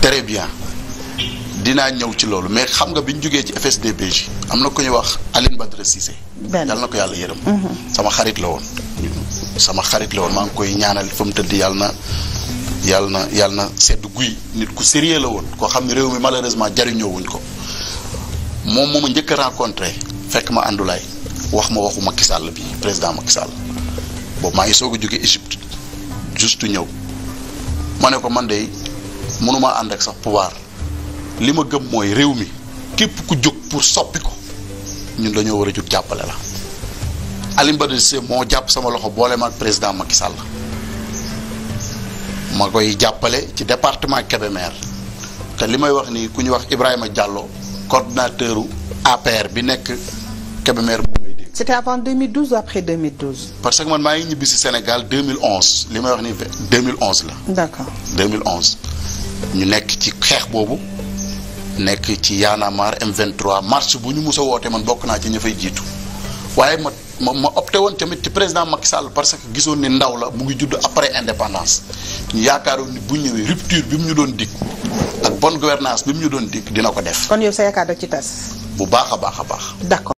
très bien dinaa ñëw ci loolu mais xam nga bi ñu jógee ci FSDBJ am na ko ñuy wax Aline Badara Cissé. yàlla na ko yàlla yërëm. Mhm. sama xarit la woon. sama xarit la woon maa ngi koy ñaanal fa mu tëdd yàlla na yàlla na yàlla na sedd guy nit ku sérieux la woon koo xam ne réew mi malheureusement jariñoo wuñ ko moom moomu njëkk a fekk ma àndulaay wax ma waxuma Macky Sall bi président Macky Sall boobu maa ngi soog a jóge Égypte juste ñëw ma ne ko man de. mënumaa ànd ak sax pouvoir li ma gëm mooy réew mi képp ku jóg pour soppi ko ñun dañoo war a jóg jàppale la Alioune Badara Cissé moo jàpp sama loxo boole ma ak président Macky Sall ma koy jàppale ci département Kébémer te li may wax nii ku ñu wax Ibrahima jàlloo coordinateur APR bi nekk Kébémer bu may dégg. c'était avant 2012 ou après 2012. parce que man maa ngi ñibbi si Sénégal 2011 li may wax nii la. d'accord 2011. ñu nekk ci xeex boobu nekk ci yaanamar M23 marche bu ñu mus a woote man bokk naa ci ña fay jiitu waaye ma ma ma opté woon tamit ci président Macky Sall parce que gisoon ni ndaw la mu ngi judd après indépendance ñu yaakaaroon ni bu ñëwee rupture bi mu ñu doon dikk ak bonne gouvernance bi mu ñu doon dikk dina ko def. kon yow sa yaakaar da ci tas. bu baax a baax a baax.